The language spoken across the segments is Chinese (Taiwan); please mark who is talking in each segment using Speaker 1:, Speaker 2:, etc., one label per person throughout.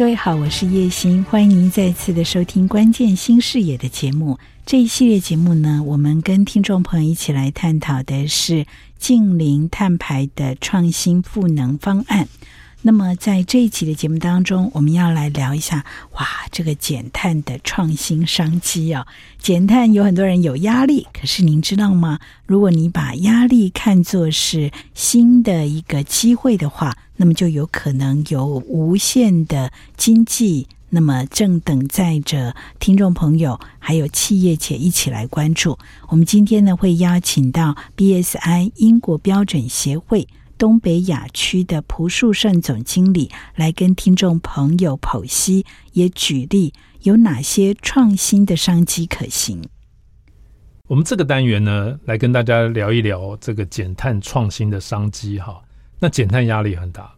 Speaker 1: 各位好，我是葉欣，歡迎您再次的收聽《關鍵新視野》的節目。這一系列節目呢，我們跟聽眾朋友一起來探討的是淨零碳排的創新賦能方案。那麼，在這一期的節目當中，我們要來聊一下哇，這個減碳的創新商機哦。減碳有很多人有壓力，可是您知道嗎？如果你把壓力看作是新的一個機會的話，那麼就有可能有無限的經濟，那麼正等待着聽眾朋友還有企業且一起來關注。我們今天呢，會邀請到 BSI 英國標準協會。東北亞區的蒲樹盛總經理來跟聽眾朋友剖析，也舉例有哪些創新的商機可行。
Speaker 2: 我們這個單元呢，來跟大家聊一聊這個減碳創新的商機哈。那減碳壓力很大，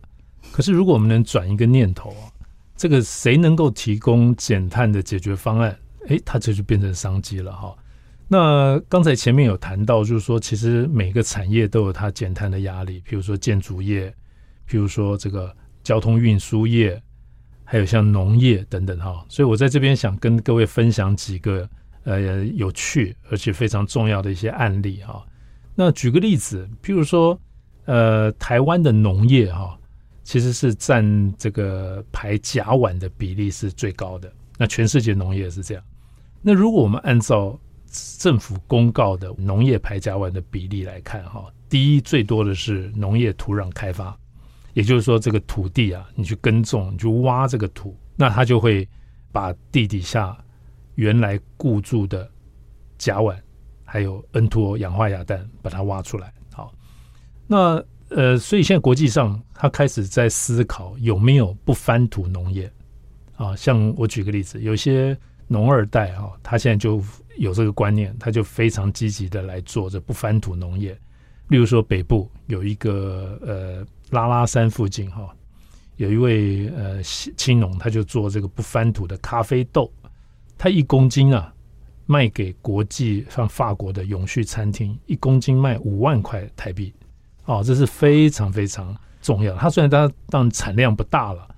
Speaker 2: 可是如果我們能轉一個念頭啊，這個誰能夠提供減碳的解決方案，哎、欸，它這就變成商機了哈。那剛才前面有談到，就是說，其實每個產業都有它減碳的壓力，譬如說建築業，譬如說這個交通運輸業，還有像農業等等哈。所以我在這邊想跟各位分享幾個呃有趣而且非常重要的一些案例哈。那舉個例子，譬如說呃，台灣的農業哈，其實是佔這個排甲烷的比例是最高的。那全世界農業是這樣。那如果我們按照政府公告的農業排甲烷的比例來看，哈，第一最多的是農業土壤開發，也就是說，這個土地啊，你去耕種，你去挖這個土，那它就會把地底下原來固住的甲烷還有 N2O 氧化亞氮，把它挖出來。好，那呃，所以現在國際上，他開始在思考有沒有不翻土農業啊？像我舉個例子，有些農二代啊，他現在就。有這個觀念，他就非常積極地來做這不翻土農業。例如說，北部有一個呃拉拉山附近哈、哦，有一位呃青農，他就做這個不翻土的咖啡豆。他一公斤啊，賣給國際像法國的永續餐廳，一公斤賣五萬塊台幣。哦，這是非常非常重要。他雖然他當然產量不大
Speaker 1: 了，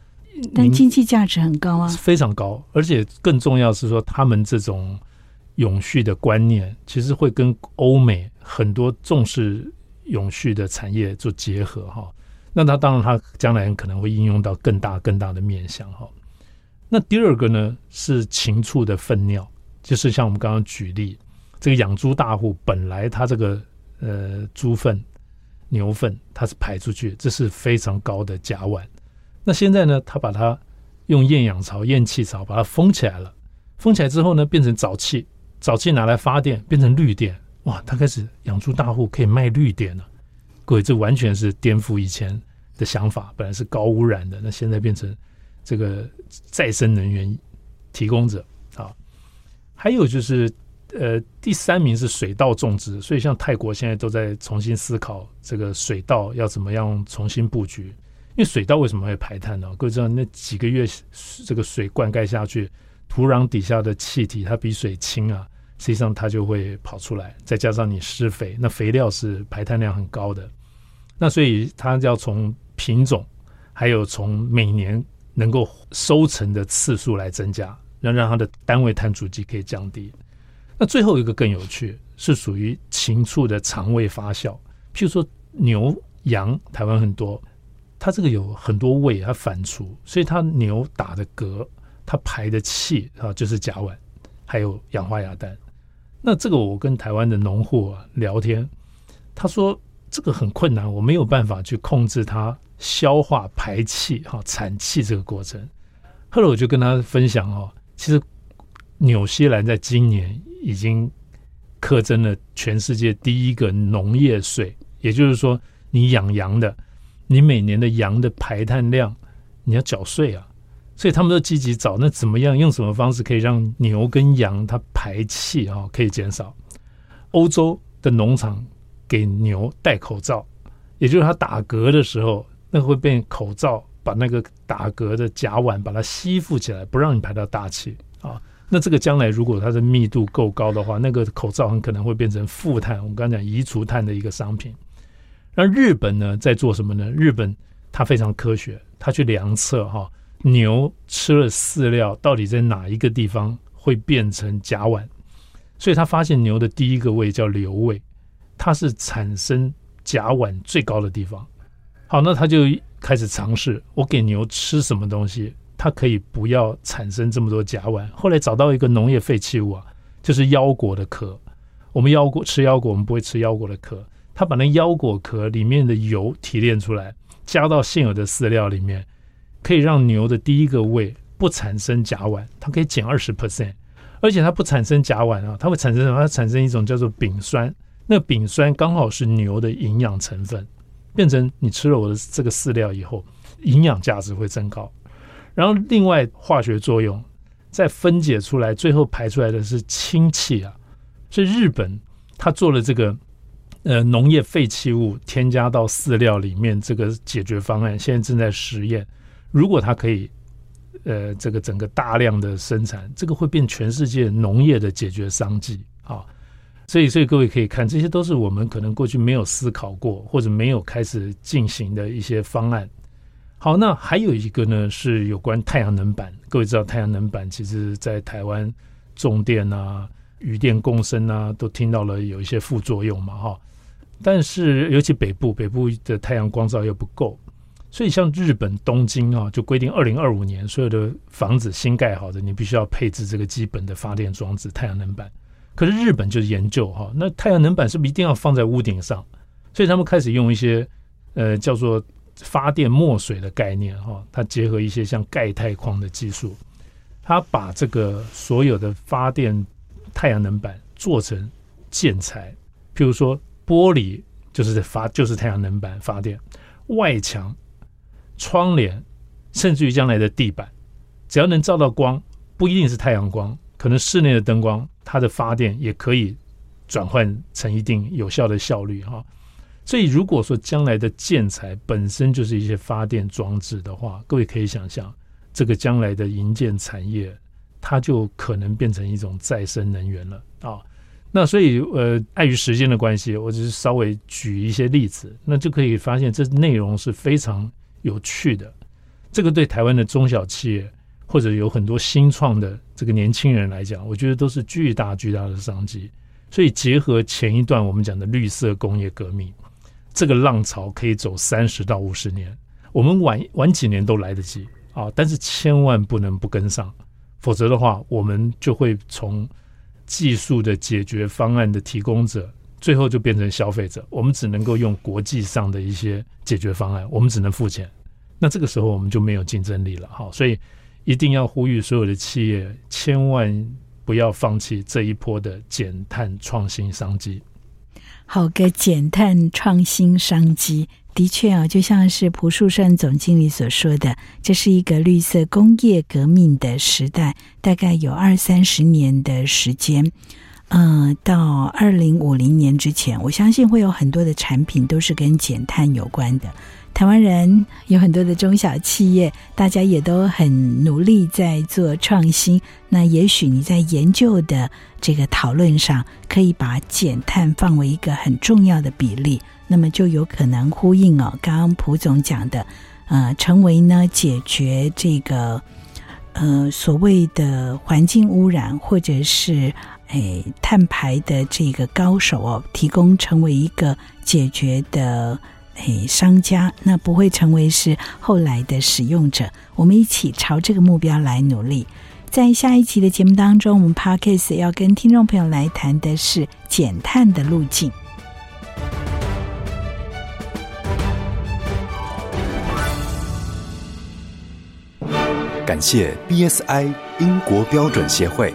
Speaker 1: 但經濟價值很高啊，
Speaker 2: 非常高。而且更重要是說，他們這種。永續的觀念其實會跟歐美很多重視永續的產業做結合哈，那它當然它將來可能會應用到更大更大的面向哈。那第二個呢是禽畜的糞尿，就是像我們剛剛舉例，這個養豬大戶本來他這個呃豬糞牛糞它是排出去，這是非常高的甲烷。那現在呢，他把它用厭氧槽厭氣槽把它封起來了，封起來之後呢，變成沼氣。沼氣拿來發電變成綠電，哇！他開始養豬大戶可以賣綠電了，啊，各位，這完全是顛覆以前的想法。本來是高汙染的，那現在變成這個再生能源提供者啊。還有就是，呃，第三名是水稻種植，所以像泰國現在都在重新思考這個水稻要怎麼樣重新布局。因為水稻為什麼會排碳呢？各位知道那幾個月這個水灌溉下去，土壤底下的氣體它比水輕啊。實際上它就會跑出來，再加上你施肥，那肥料是排碳量很高的。那所以它要從品種，還有從每年能夠收成的次數來增加，要讓它的單位碳足跡可以降低。那最後一個更有趣，是屬於禽畜的腸胃發酵，譬如說牛羊，台灣很多，它這個有很多胃，它反芻，所以它牛打的嗝，它排的氣啊，就是甲烷，還有氧化亞氮。那這個我跟台灣的農戶啊聊天，他說這個很困難，我沒有辦法去控制它消化排氣哈、哦、產氣這個過程。後來我就跟他分享哦，其實紐西蘭在今年已經課徵了全世界第一個農業稅，也就是說你養羊的，你每年的羊的排碳量你要繳稅啊。所以他們都積極找，那怎麼樣，用什麼方式可以讓牛跟羊它排氣啊，可以減少？歐洲的農場給牛戴口罩，也就是它打嗝的時候，那會被口罩把那個打嗝的甲烷把它吸附起來，不讓你排到大氣啊。那這個將來如果它的密度夠高的話，那個口罩很可能會變成負碳，我剛講移除碳的一個商品。那日本呢在做什麼呢？日本它非常科學，它去量測哈、啊。牛吃了飼料，到底在哪一個地方會變成甲烷？所以他發現牛的第一個胃叫瘤胃，它是產生甲烷最高的地方。好，那他就開始嘗試，我給牛吃什麼東西，它可以不要產生這麼多甲烷。後來找到一個農業廢棄物啊，就是腰果的殼。我們腰果吃腰果，我們不會吃腰果的殼。他把那腰果殼裡面的油提煉出來，加到現有的飼料裡面。可以讓牛的第一個胃不產生甲烷，它可以減二十 percent，而且它不產生甲烷啊，它會產生什麼？它產生一種叫做丙酸，那丙酸剛好是牛的營養成分，變成你吃了我的這個飼料以後，營養價值會增高。然後另外化學作用再分解出來，最後排出來的是氫氣啊。所以日本它做了這個呃農業廢棄物添加到飼料裡面這個解決方案，現在正在實驗。如果它可以，呃，這個整個大量的生產，這個會變全世界農業的解決商機啊、哦。所以，所以各位可以看，這些都是我們可能過去沒有思考過，或者沒有開始進行的一些方案。好，那還有一個呢，是有關太陽能板。各位知道，太陽能板其實在台灣種電啊、漁電共生啊，都聽到了有一些副作用嘛，哈、哦。但是，尤其北部，北部的太陽光照又不夠。所以，像日本東京啊，就規定二零二五年所有的房子新蓋好的，你必須要配置這個基本的發電裝置——太陽能板。可是日本就是研究哈，那太陽能板是不是一定要放在屋頂上？所以他們開始用一些呃叫做發電墨水的概念哈，它結合一些像鈣鈦礦的技術，它把這個所有的發電太陽能板做成建材，譬如說玻璃就是發，就是太陽能板發電外牆。窗簾，甚至於將來的地板，只要能照到光，不一定是太陽光，可能室內的燈光，它的發電也可以轉換成一定有效的效率哈。所以如果說將來的建材本身就是一些發電裝置的話，各位可以想象，這個將來的營建產業，它就可能變成一種再生能源了啊。那所以呃，礙於時間的關係，我只是稍微舉一些例子，那就可以發現這內容是非常有趣的，這個對台灣的中小企業或者有很多新創的這個年輕人來講，我覺得都是巨大巨大的商機。所以結合前一段我們講的綠色工業革命，這個浪潮可以走三十到五十年，我們晚晚幾年都來得及啊！但是千萬不能不跟上，否則的話，我們就會從技術的解決方案的提供者，最後就變成消費者。我們只能夠用國際上的一些解決方案，我們只能付錢。那這個時候我們就沒有競爭力了哈，所以一定要呼籲所有的企業千萬不要放棄這一波的減碳創新商機。
Speaker 1: 好個減碳創新商機，的確啊，就像是蒲樹盛總經理所說的，這是一個綠色工業革命的時代，大概有二三十年的時間。呃、嗯，到二零五零年之前，我相信會有很多的產品都是跟減碳有關的。台灣人有很多的中小企業，大家也都很努力在做創新。那也許你在研究的這個討論上，可以把減碳放為一個很重要的比例，那麼就有可能呼應哦。剛剛蒲總講的，呃，成為呢解決這個呃所謂的環境污染或者是。誒、哎，碳排的這個高手哦，提供成為一個解決的誒、哎、商家，那不會成為是後來的使用者。我們一起朝這個目標來努力。在下一期的節目當中，我們 Parkes 要跟聽眾朋友來談的是減碳的路徑。
Speaker 2: 感謝 BSI 英國標準協會。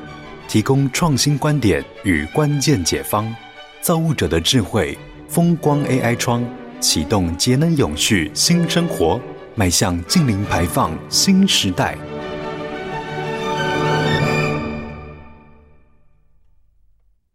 Speaker 2: 提供創新觀點與關鍵解方，造物者的智慧，風光 AI 窗，啟動節能永續新生活，邁向淨零排放新
Speaker 1: 時代。